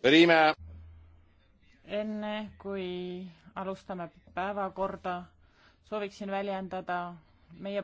Prima. enne kui alustame päevakorda, sooviksin väljendada meie